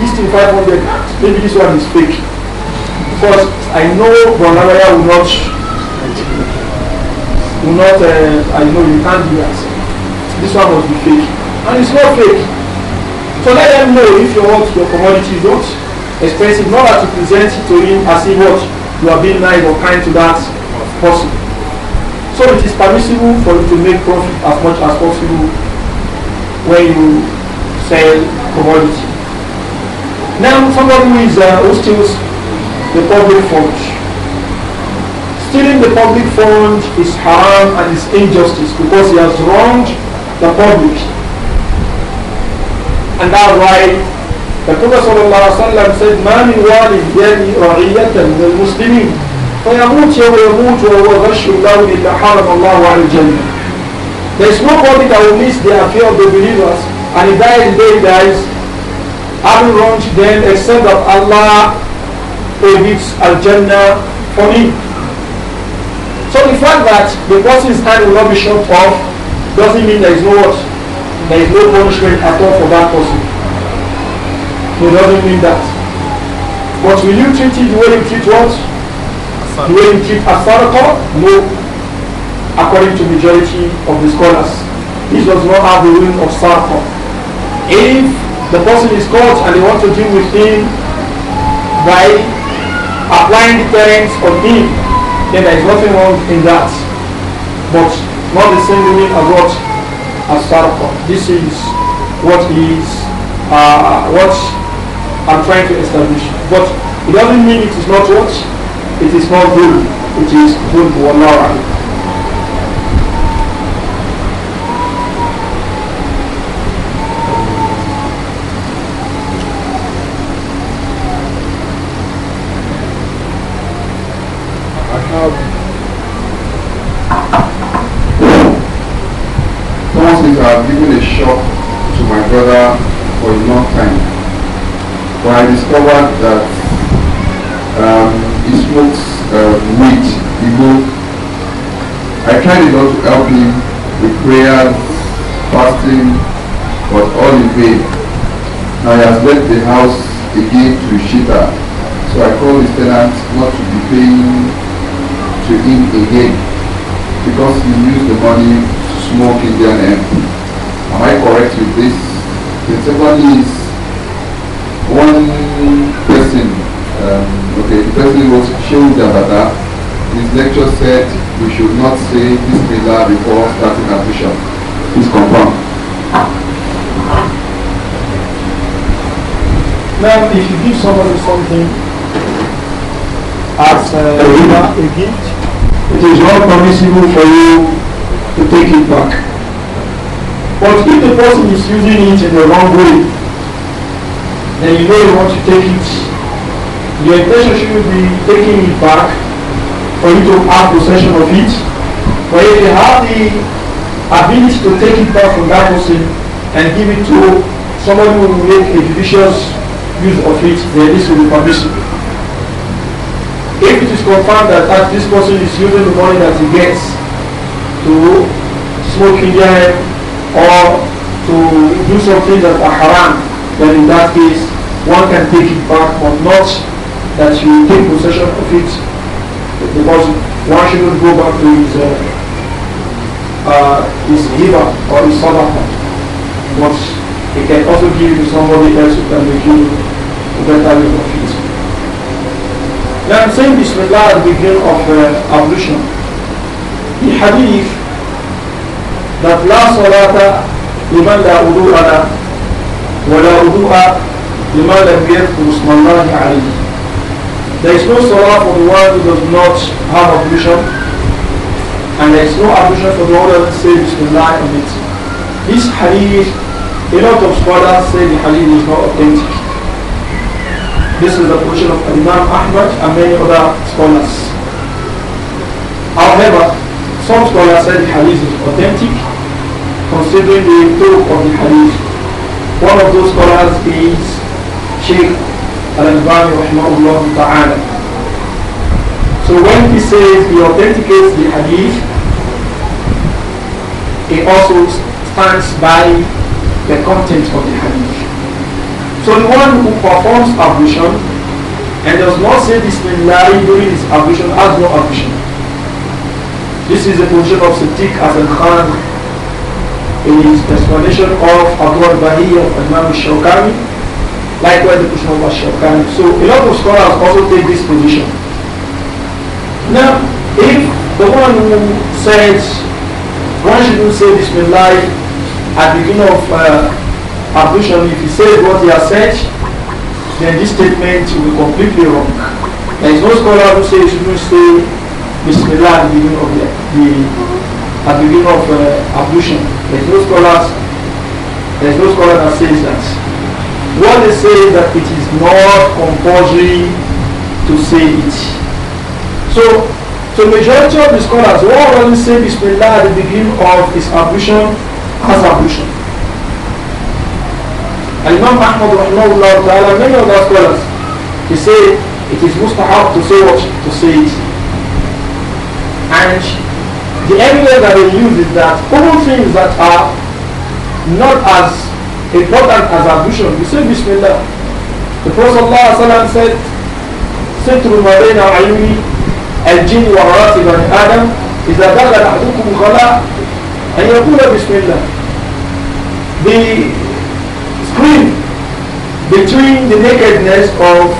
this thing 500, maybe this one is fake. Because I know Bonavaya will not, will not, uh, I know you can't do that. This one must be fake. And it's not fake. So let them know if you want your commodity is not expensive, not to present it to him as if what, you are being nice or kind to that person. So it is permissible for you to make profit as much as possible when you sell commodity. Now, somebody who is uh, who steals the public fund. Stealing the public fund is harm and is injustice because he has wronged the public. And that's why the Prophet said, Man in wali yadi ra'iyatan muslimin فيموت يوم يموت وهو غش الله إلا حرم الله على الجنة There is nobody that will miss the affair of the believers and he dies, they dies, having wronged them except that Allah prohibits Al-Jannah for me. So the fact that the person's hand will not be shot off doesn't mean there is no what? There is no punishment at all for that person. It doesn't mean that. But will you treat it the way you treat what? doing it as sadaqa? No. According to majority of the scholars, this does not have the ruling of sadaqa. If the person is caught and they want to deal with him by applying the parents on him, then there is nothing wrong in that. But not the same meaning as what? As sadaqa. This is what is uh, what I'm trying to establish. But it doesn't mean it is not what it is not good. it is good wallahu have given a to my brother for a long time. But I discovered that um, he smokes uh, weed. He goes. I tried a lot to help him with prayers, fasting, but all in vain. Now he has left the house again to Shita. So I call his tenant not to be paying to him again because he used the money to smoke Indian hemp. Am I correct with this? The second is one person um, okay, the person was showing the Jabata. Uh, his lecture said we should not say Bismillah before starting ablution. Please confirm. Now, if you give somebody something as a, a gift, it is not permissible for you to take it back. But if the person is using it in the wrong way, then you know you want to take it the intention should be taking it back for you to have possession of it. But if you have the ability to take it back from that person and give it to somebody who will make a judicious use of it, then this will be permissible. If it is confirmed that, that this person is using the money that he gets to smoke Indian or to do something that are haram, then in that case one can take it back but not that you take possession of it because one shouldn't go back to his uh, uh, his giver or his sadaqah. But he can also give to somebody else who can make you better use of it. Now I'm saying this at the beginning of uh, ablution. The hadith that la salata liman la udu'ala wa la udu'a liman lam yadkur ismallahi alayhi there is no salah for the one who does not have ablution, and there is no ablution for the one who doesn't say Bismillah on it. This hadith, a lot of scholars say the hadith is not authentic. This is the position of Imam Ahmad and many other scholars. However, some scholars say the hadith is authentic, considering the truth of the hadith. One of those scholars is Sheikh Al-Albani rahimahullah ta'ala. So when he says he authenticates the hadith, he also stands by the content of the hadith. So the one who performs ablution and does not say Bismillah during his ablution has no ablution. This is the position of Siddiq Hasan Khan in his explanation of Abdul Bahi of Imam Shawkani Likewise, the position of Ashokani. So a lot of scholars also take this position. Now, if the one who says one shouldn't say Bismillah at the beginning of uh, ablution, if he says what he has said, then this statement will be completely wrong. There is no scholar who says you shouldn't say Bismillah at the beginning of the, the at the beginning of uh, ablution. There is no scholar. There is no scholar that says that. One say that it is not compulsory to say it. So, the majority of the scholars, one already say Bismillah at the beginning of his ablution as ablution. Imam Ahmad rahimahullah ta'ala, many other scholars, he say it is mustahab to say what? To say it. And the evidence that they use is that all things that are not as important as ablution. You say Bismillah. The Prophet Allah said, ستر ما بين عيون الجن وعورات بني آدم إذا دخل أحدكم خلاء أن يقول بسم Bismillah. The screen between the nakedness of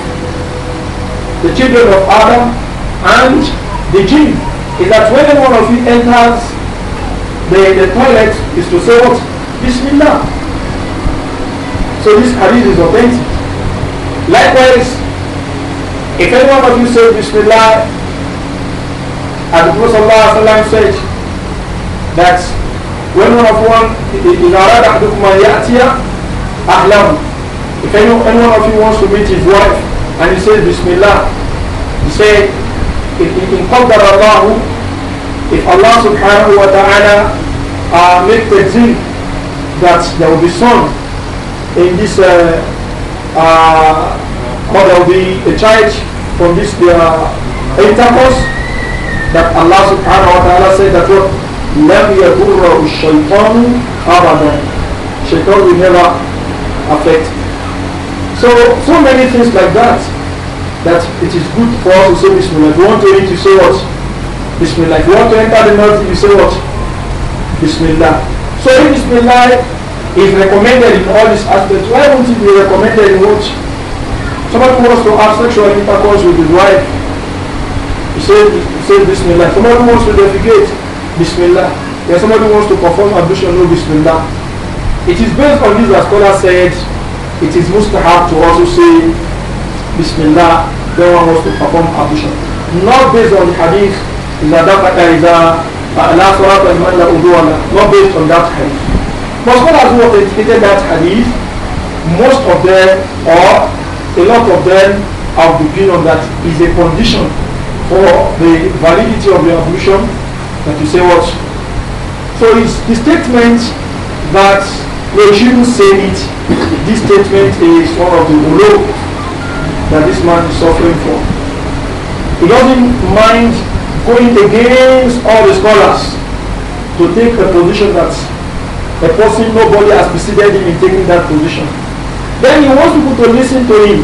the children of Adam and the jinn is that when one of you enters the, the toilet is to say what? Bismillah. So this hadith is authentic. Likewise, if anyone of you says Bismillah, and the Prophet said that when one of one in Arad Ahdukuma Ahlam, if any, any one of you wants to meet his wife and he says Bismillah, he said, in Qadar Allah, if Allah subhanahu wa ta'ala uh, make the that there will be sun in this uh, uh, mother of the, child from this their uh, intercourse that Allah subhanahu wa ta'ala said that what لم يضره الشيطان أبدا Shaitan will never affect so so many things like that that it is good for us to say Bismillah if you want to eat you say what Bismillah if you want to enter the mosque you say what Bismillah so in Bismillah is recommended in all these aspects, why won't it be recommended in what? Somebody wants to have sexual intercourse with his wife. He said, he said Bismillah. Somebody wants to defecate. Bismillah. If somebody wants to perform ablution, no Bismillah. It is based on this that scholar said it is mustahab to also say Bismillah Then one wants to perform ablution. Not based on the hadith, is that that is a, not based on that hadith. But scholars who indicated that hadith, most of them or a lot of them have the opinion that is a condition for the validity of the ablution that you say what. So it's the statement that we shouldn't say it. This statement is one of the low that this man is suffering from. He doesn't mind going against all the scholars to take a position that's a person nobody has preceded him in taking that position. Then he wants people to listen to him.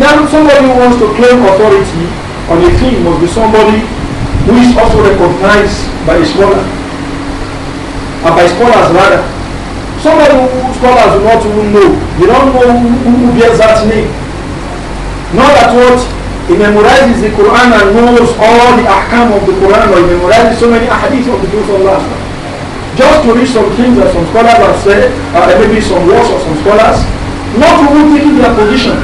Now somebody wants to claim authority on a thing must be somebody who is also recognized by a scholar. And uh, by scholars rather. Somebody who scholars do not even know. They don't know who, who bears that name. Not that what he memorizes the Quran and knows all the ahkam of the Quran or he memorizes so many ahadith of the Prophet. just to read some things that some scholars have said, uh, maybe some words of some scholars, not even taking their position.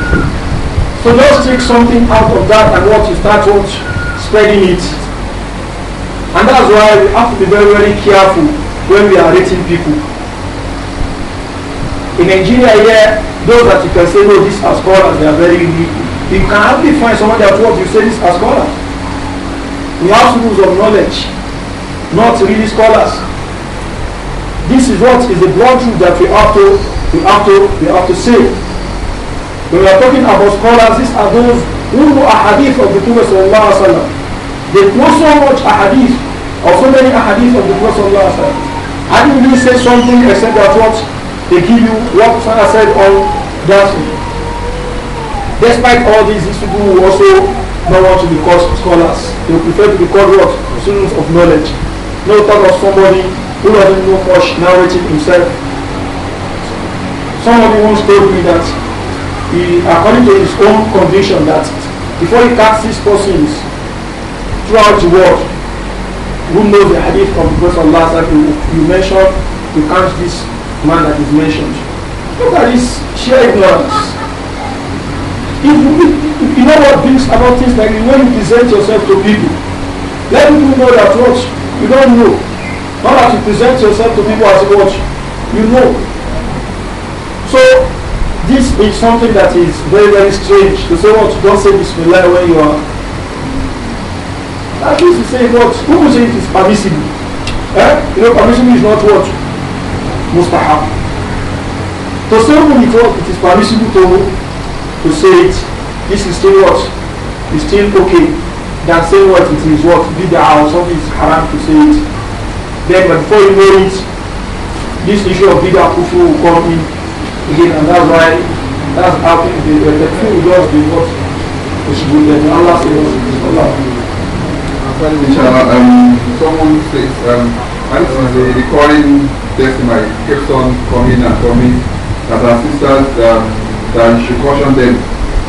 So just take something out of that and what you start what, spreading it. And that's why we have to be very, very careful when we are rating people. In Nigeria here, those that you can say, no, these are scholars, they are very weak. You can hardly find someone that what you say this as scholars. We have schools of knowledge, not really scholars. This is what is the broad truth that we have to we have to we have to say. When we are talking about scholars, these are those who know a hadith of the Prophet sallallahu They know so much a hadith or so many a hadith of the Prophet sallallahu alaihi wasallam. And say something except that what they give you what I said on that. Despite all these, these people who also not want to be called scholars. They prefer to be called what? Students of knowledge. No talk of somebody who doesn't know much narrative himself. Somebody once told me that he, according to his own conviction, that before he cast six persons throughout the world who knows the hadith from the Prophet Allah, you, you mentioned, you count this man that is mentioned. Look at this sheer ignorance. If you, you know what brings about things like when you present yourself to people, let people know that what you don't know. Not that you present yourself to people as what you know. So this is something that is very, very strange to say what don't say lie when you are. That means to say what who will say it is permissible. Eh? You know, permissible is not what mustahab. To say who it, it is permissible to, to say it, this is still what? It's still okay. Than saying what it is what bid'ah or something is haram to say it. Then, but before you know it, this issue of bigger kufu will come in again, and that's why that's how the, the, the few just be what is good. Then Allah says, Allah. Inshallah, um, someone says, um, and this is a recurring testimony, keeps on coming and coming, that our sisters, um, that you should caution them,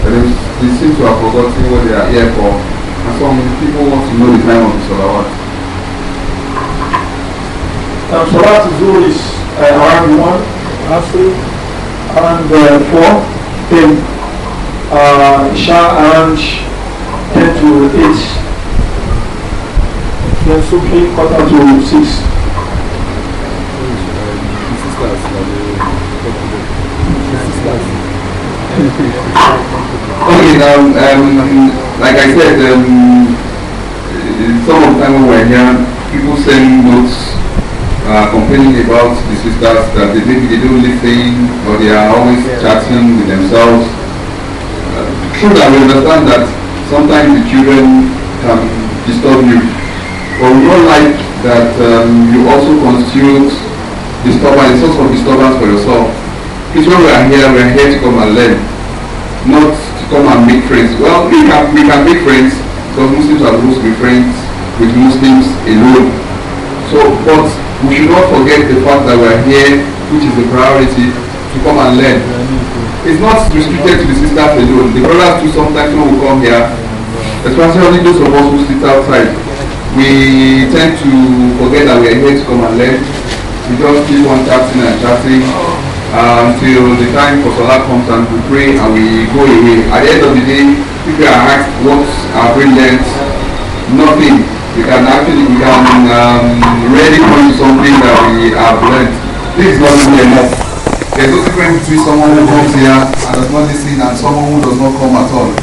that they, they seem to have forgotten what they are here for. And some people want to know the time of the Salawat. Now Salat Zuhr is uh, around 1, Asr around uh, 4, then uh, Isha around 10 to 8, then Subhi quarter to 6. okay, now, um, like I said, um, some of the time when we were here, people send notes uh, complaining about the sisters that they, maybe they don't listen or they are always chatting with themselves. Uh, true that we understand that sometimes the children can disturb you. But we don't like that um, you also constitute disturbance, a source of disturbance for yourself. It's why we are here, we are here to come and learn, not to come and make friends. Well, we can, we can make friends because Muslims are supposed to be friends with Muslims alone. So, but we should not forget the fact that we are here, which is a priority, to come and learn. It's not restricted to the sisters alone. The brothers too sometimes will come here, especially those of us who sit outside. We tend to forget that we are here to come and learn. We just keep on chatting and chatting uh, until the time for Salah comes and we pray and we go away. At the end of the day, people are asked what have we learned? Nothing. We can actually we can um, really point something that we have learned. This is not really enough. There's no difference between someone who comes here and does not listen and someone who does not come at all.